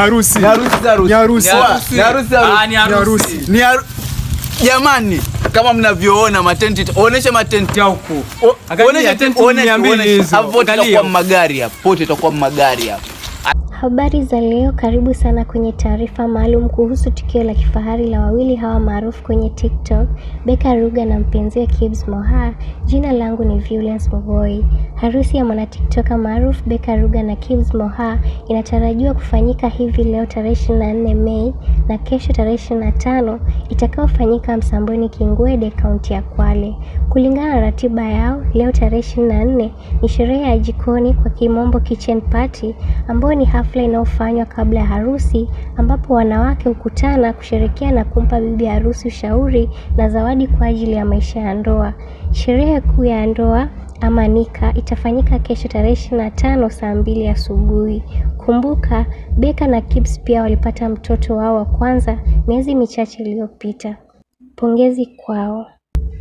Harusi. Ni jamani, kama mnavyoona matenti, onesha matenti ya huku. Onesha matenti 200 hizo. Hapo tutakuwa magari hapo. Pote tutakuwa magari hapo. Habari za leo, karibu sana kwenye taarifa maalum kuhusu tukio la kifahari la wawili hawa maarufu kwenye TikTok, Beka Ruga na mpenziwe Kibz Moha. Jina langu ni Violence Mugoi. Harusi ya mwanatiktoka maarufu Beka Ruga na Kibz Moha inatarajiwa kufanyika hivi leo tarehe 24 Mei na kesho tarehe 25 itakayofanyika Msamboni Kingwede, kaunti ya Kwale. Kulingana na ratiba yao, leo tarehe 24 ni sherehe ya jikoni kwa kimombo kitchen party ambayo ni hafla inayofanywa kabla ya harusi ambapo wanawake hukutana kusherekea na kumpa bibi harusi ushauri na zawadi kwa ajili ya maisha ya ndoa. Sherehe kuu ya ndoa ama nika itafanyika kesho tarehe ishirini na tano saa mbili asubuhi. Kumbuka Beka na Kibz pia walipata mtoto wao wa kwanza miezi michache iliyopita. Pongezi kwao.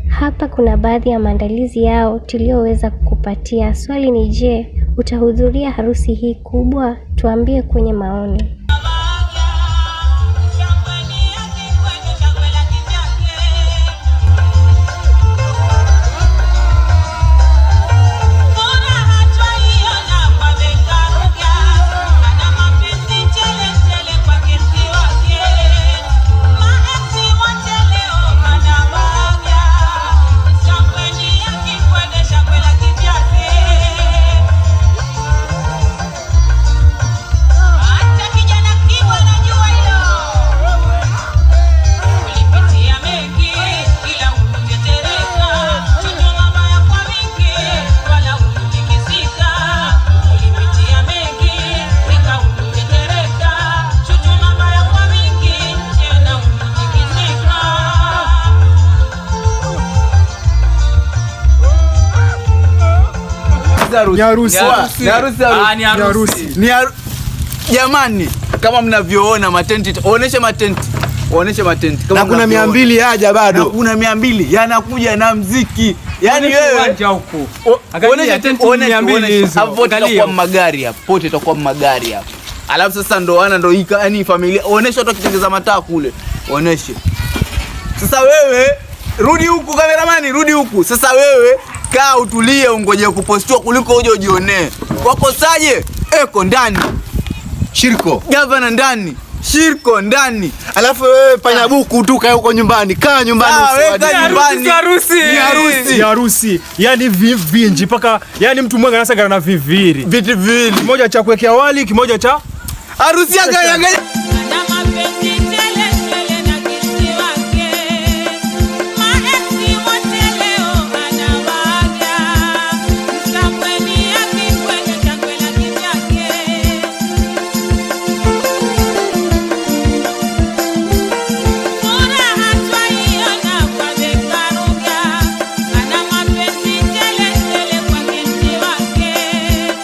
Hapa kuna baadhi ya maandalizi yao tuliyoweza kukupatia. Swali ni je, utahudhuria harusi hii kubwa? Tuambie kwenye maoni. ni ah, jamani, kama mnavyoona matenti, onyesha matenti, onyesha matenti kama na kuna mia mbili haja bado, kuna mia mbili yanakuja na mziki yani wewe onyesha tenti mia mbili hapo, magari hapo pote itakuwa magari hapo Alafu sasa ndo ana ndo hika yani familia onyesha watu wakitengeza mataa kule, oneshe sasa. Wewe rudi huku, kameramani, rudi huku sasa. Wewe kaa utulie, ungoje kupostiwa kuliko uje ujionee. Wakosaje? Eko ndani Shirko, gavana ndani Shirko ndani, alafu wewe panya ah. buku tu kae huko nyumbani, kaa nyumbani, ah, harusi harusi, yani vinji paka, yani mtu mwenga anasagara na viviri, viti viwili, kimoja cha kuwekea wali, kimoja cha harusi. Angalia angalia